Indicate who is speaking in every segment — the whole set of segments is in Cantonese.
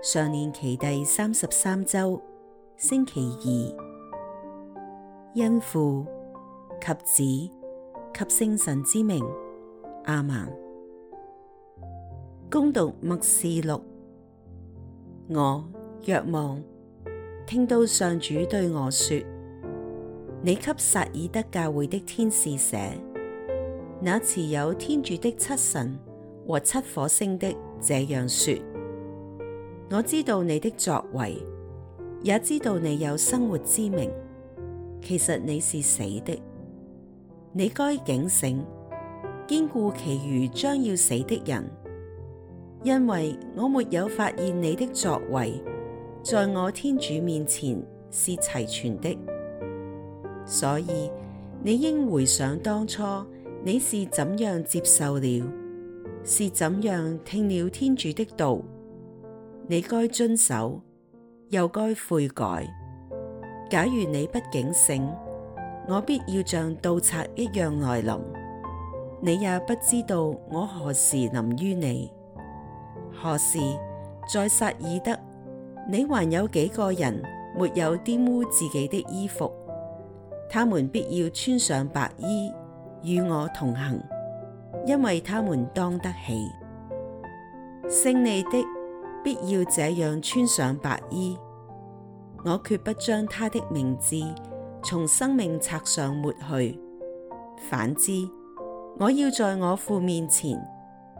Speaker 1: 常年期第三十三周星期二，因父及子及聖神之名亞孟，恭讀默示錄。我若望，聽到上主對我說：你給撒爾德教會的天使寫，那持有天主的七神和七顆星的這樣說。我知道你的作為，也知道你有生活之名。其實你是死的，你該儆醒，堅固其餘將要死的人。因為我沒有發現你的作為，在我天主面前是齊全的，所以你應回想當初你是怎樣接受了，是怎樣聽了天主的道。你該遵守，又該悔改。假如你不儆醒，我必要像盜賊一樣來臨。你也不知道我何時臨於你。何時在撒爾德，你還有幾個人沒有玷污自己的衣服，他們必要穿上白衣，與我同行，因為他們當得起。勝利的。必要這樣穿上白衣，我決不將他的名字從生命冊上抹去。反之，我要在我父面前，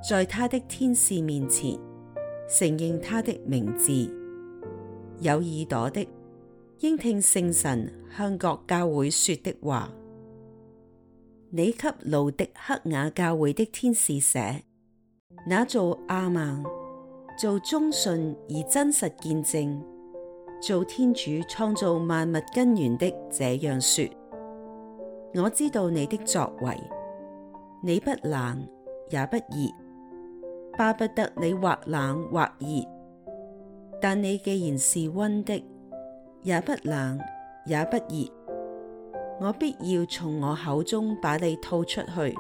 Speaker 1: 在他的天使面前，承認他的名字。有耳朵的，應聽聖神向各教會說的話。你給勞狄刻雅教會的天使寫，那做亞孟，做忠信而真實見證，做天主創造萬物根源的這樣說。我知道你的作為，你不冷也不熱，巴不得你或冷或熱，但你既然是溫的，也不冷也不熱，我必要從我口中把你吐出去。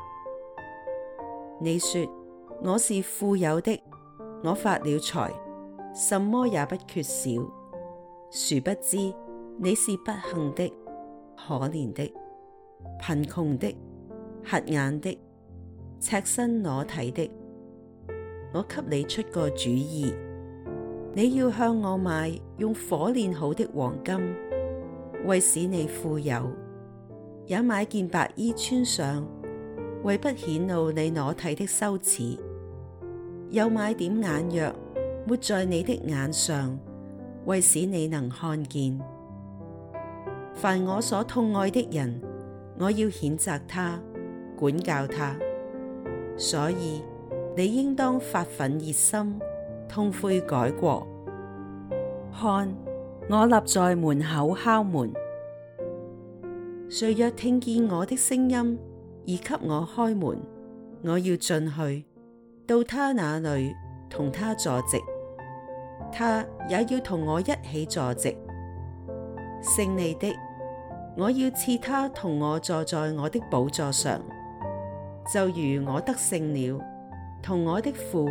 Speaker 1: 你說我是富有的。我發了財，什麼也不缺少。殊不知你是不幸的、可憐的、貧窮的、瞎眼的、赤身裸體的。我給你出個主意，你要向我買用火煉好的黃金，為使你富有；也買件白衣穿上，為不顯露你裸體的羞恥。又買點眼藥，抹在你的眼上，為使你能看見。凡我所疼愛的人，我要譴責他，管教他。所以你應當發奮熱心，痛悔改過。看，我立在門口敲門，誰若聽見我的聲音而給我開門，我要進去。到他那裏，同他坐席，他也要同我一起坐席。勝利的，我要賜他同我坐在我的寶座上，就如我得勝了，同我的父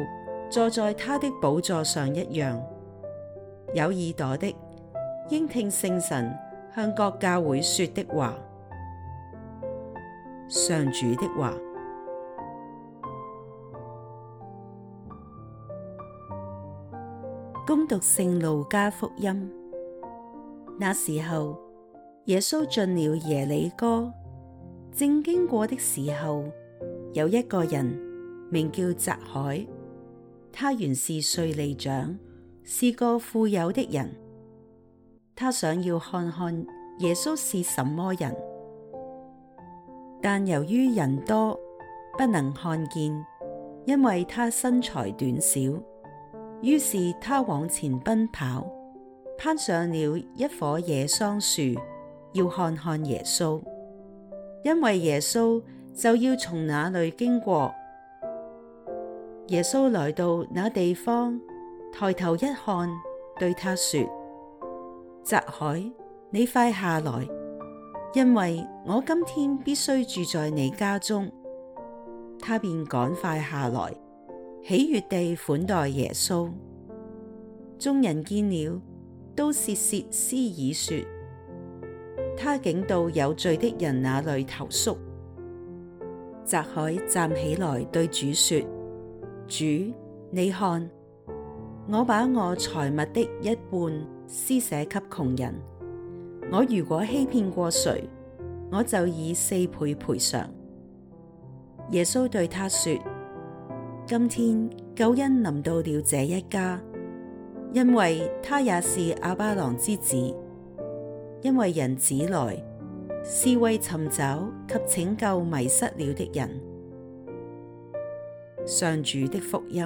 Speaker 1: 坐在他的寶座上一樣。有耳朵的，應聽聖神向各教會說的話，上主的話。讀聖路加福音，那時候耶穌進了耶里哥，正經過的時候，有一個人名叫匝凱，他原是稅吏長，是個富有的人，他想要看看耶穌是什麼人，但由於人多不能看見，因為他身材短小。於是他往前奔跑，攀上了一棵野桑樹，要看看耶穌，因為耶穌就要從那裏經過。耶穌來到那地方，抬頭一看，對他說：匝凱，你快下來，因為我今天必須住在你家中。他便趕快下來。喜悅地款待耶穌，眾人見了，都竊竊私議說：他竟到有罪的人那裏投宿。匝凱站起來對主說：主，你看，我把我財物的一半施捨給窮人，我如果欺騙過誰，我就以四倍賠償。耶穌對他說。今天救恩臨到了這一家，因為他也是亞巴郎之子。因為人子來，是為尋找及拯救迷失了的人。上主的福音。